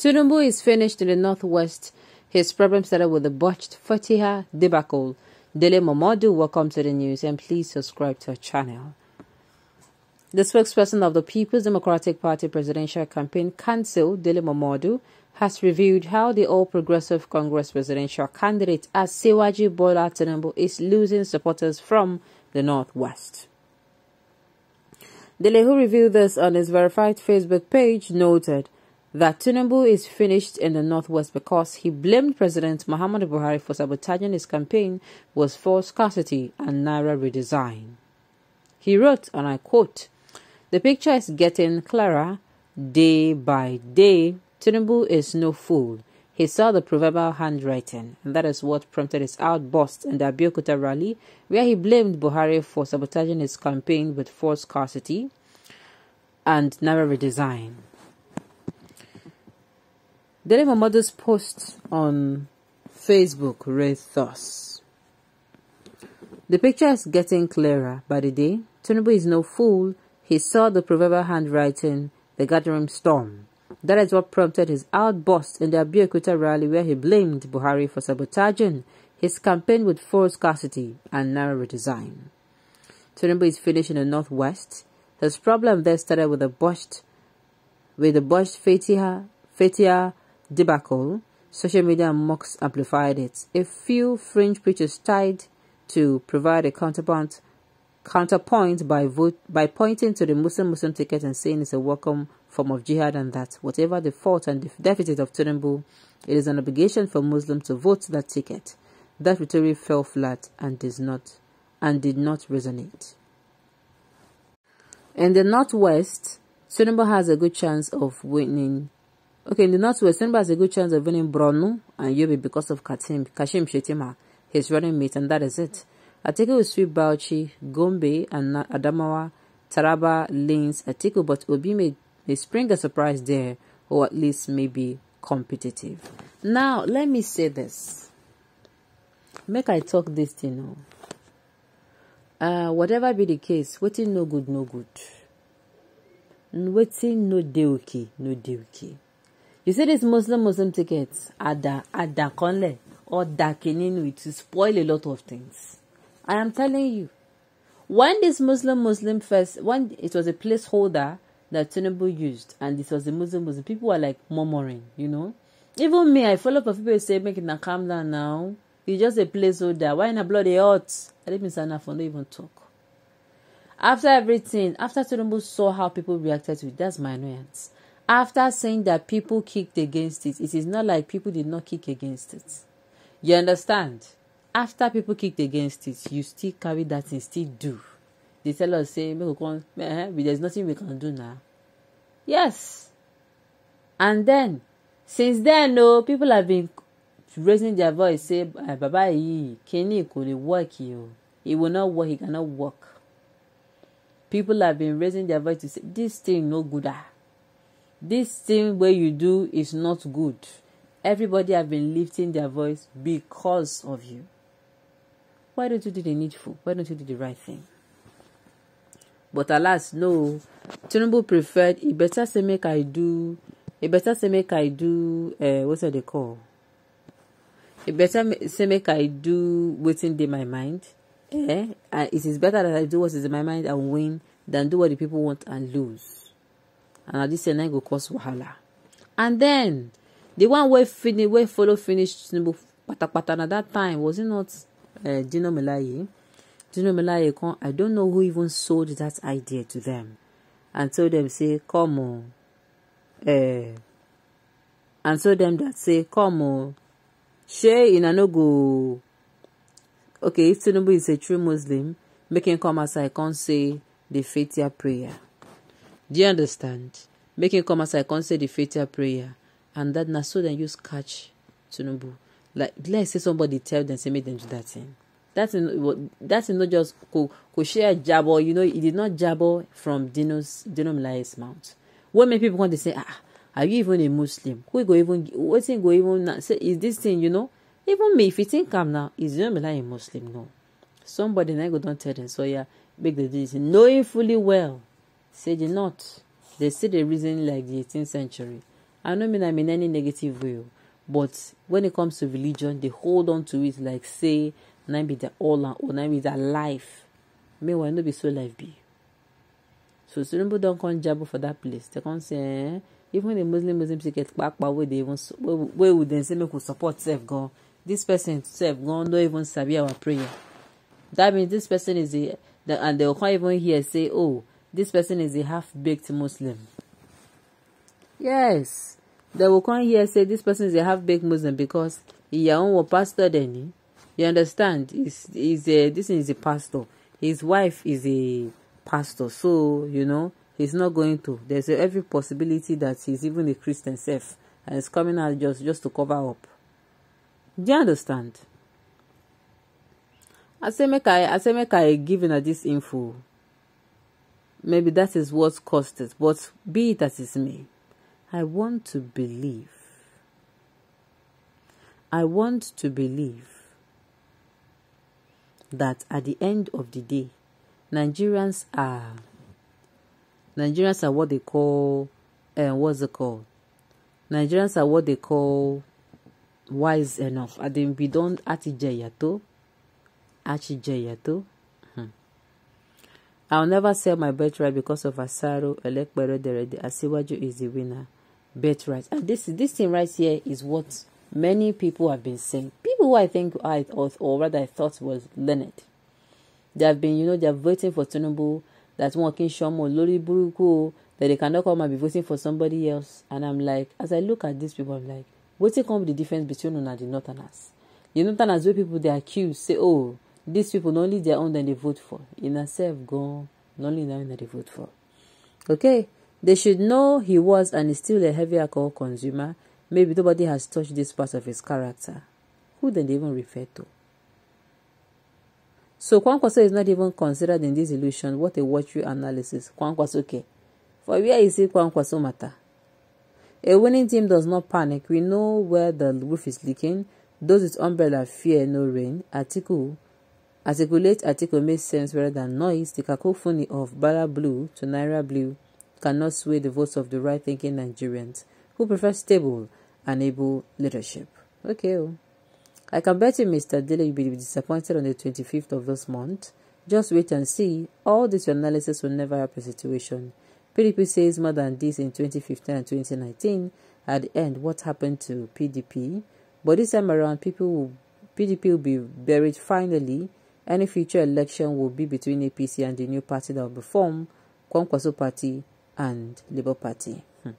Tinubu is finished in the northwest. His problem started with the botched Fatiha debacle. Dele Momodu, welcome to the news and please subscribe to our channel. The spokesperson of the People's Democratic Party Presidential Campaign Council, Dele Momodu, has revealed how the All Progressive Congress presidential candidate Asiwaji Bola Tinubu is losing supporters from the Northwest. Dele, who reviewed this on his verified Facebook page, noted that Tinubu is finished in the northwest because he blamed President Muhammadu Buhari for sabotaging his campaign was for scarcity and naira redesign. He wrote, and I quote, "The picture is getting clearer day by day. Tinubu is no fool. He saw the proverbial handwriting, and that is what prompted his outburst in the Abiyokuta rally, where he blamed Buhari for sabotaging his campaign with forced scarcity and naira redesign." Daily my mother's post on Facebook read thus. The picture is getting clearer by the day. Tinubu is no fool. He saw the proverbial handwriting, the gathering storm. That is what prompted his outburst in the Abiyakuta rally where he blamed Buhari for sabotaging his campaign with forced scarcity and narrow design. Tinubu is finished in the northwest. His problem there started with the botched with a botched Fatiha, Fatiha debacle, social media mocks amplified it. A few fringe preachers tried to provide a counterpoint counterpoint by vote by pointing to the Muslim Muslim ticket and saying it's a welcome form of jihad and that whatever the fault and the deficit of Tinubu, it is an obligation for Muslims to vote that ticket. That rhetoric fell flat and did not and did not resonate. In the northwest, Tinubu has a good chance of winning Okay, in the northwest, Simba has a good chance of winning Bronu and Yobi because of Katim, Kashim Shetima, his running mate, and that is it. Atiku will sweep Bauchi, Gombe, and Adamawa, Taraba, Lins. Atiku, but Obi may, may spring a surprise there, or at least maybe competitive. Now, let me say this. Make I talk this thing you oh. now. Uh, whatever be the case, waiting no good, no good. Waiting no dey okay, no dey okay. You see, these Muslim Muslim tickets at the at the conle or darkening which spoil a lot of things. I am telling you. When this Muslim Muslim first when it was a placeholder that Tinubu used and this was a Muslim Muslim, people were like murmuring, you know. Even me, I follow for people who say make it now calm down now. It's just a placeholder. Why in a bloody hot? I didn't sign up for no even talk. After everything, after Tinubu saw how people reacted to it, that's my annoyance after saying that people kicked against it, it is not like people did not kick against it. You understand? After people kicked against it, you still carry that and still do. They tell us, say, eh, there's nothing we can do now. Yes. And then, since then, no, oh, people have been raising their voice, say, ah, Baba, Kenny could work you. It will not work, he cannot work. People have been raising their voice to say, this thing no good. Ah. this thing wey you do is not good everybody have been lifting their voice because of you why don't you do the needful why don't you do the right thing but alas no tinubu preferred e better say make i do e better say make i do uh, what's that they call e better say make i do wetin dey my mind eh and it is better that i do what is in my mind and win than do what the people want and lose and na dis thing go cause wahala and then the one wey finish wey follow finish tinubu patapata na that time was it not uh, eh, dino melaye dino melaye come i don't know who even sold that idea to them and told them say come o uh, eh, and told them that say come o shey una no go okay if tinubu is a true muslim make him come outside come say the faithia prayer do you understand make him come outside come say the fatal prayer and that na so then use catch tinubu like let's say somebody tell dem say make dem do that thing that thing that thing not just ko ko share jabo you know he did not jabo from dino's dino milaye's mouth wey make people want to say ah are you even a muslim who go even What thing go even na say is this thing you know even me if you think am now is dino milaye a muslim no somebody na go don tell dem so yeah make the decision, knowing fully well say the north they still the reason like the 18th century i no mean am in any negative way o oh. but when it comes to religion they hold on to it like say na be their all and all na be their life meanwhile no be so life be so tinubu don come jabo for that place They come say eh even the muslim muslim ticket kpakpa wey dey even wey we dey say make we support sef gan this person sef gan no even sabi our prayer that means this person is a and they come even hear say oh this person is a half-baked Muslim. Yes, they will come here and say this person is a half-baked Muslim because he own was pastor then. You understand? Is is a this is a pastor. His wife is a pastor, so you know he's not going to. There's every possibility that he's even a Christian self and he's coming out just just to cover up. Do you understand? I say make I I say make I give you this info. Maybe that is what caused it, but be it as it may, I want to believe. I want to believe that at the end of the day, Nigerians are Nigerians are what they call uh, what's it called? Nigerians are what they call wise enough. I think we don't ati jeyato, ati jeyato. I will never sell my birthright because of Asaro Elekpere Derede. Asiwaju is the winner. Birthright. And this this thing right here is what many people have been saying. People who I think I or, or rather I thought was learned. They have been, you know, they are voting for Tinubu. That's one King Shomo Lori Buruko. That they cannot come and be voting for somebody else. And I'm like, as I look at these people, I'm like, what's it come the difference between Una and the Northerners? The Northerners, where people they accuse, say, oh, these people, not only their own that they vote for. In herself, gone, not only their own that they vote for. Okay? They should know he was and is still a heavy alcohol consumer. Maybe nobody has touched this part of his character. Who did they even refer to? So Kwankwaso is not even considered in this illusion. What a watery analysis. Kwankwaso Okay, For where is it Kwankwaso matter? A winning team does not panic. We know where the roof is leaking. Those with umbrella fear no rain. Article Articulate article makes sense rather than noise. The cacophony of Bala Blue to Naira Blue cannot sway the votes of the right thinking Nigerians who prefer stable and able leadership. Okay. I can bet you, Mr. Dele, you'll be disappointed on the 25th of this month. Just wait and see. All this analysis will never help your situation. PDP says more than this in 2015 and 2019. At the end, what happened to PDP? But this time around, people will, PDP will be buried finally any future election will be between APC and the new party that will be formed, Kwankwaso Party and Labour Party. Hmm.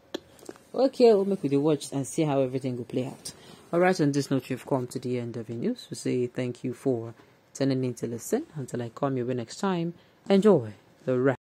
Okay, we'll make with the watch and see how everything will play out. All right, on this note, we've come to the end of the news. We say thank you for tuning in to listen. Until I come you next time, enjoy the rest.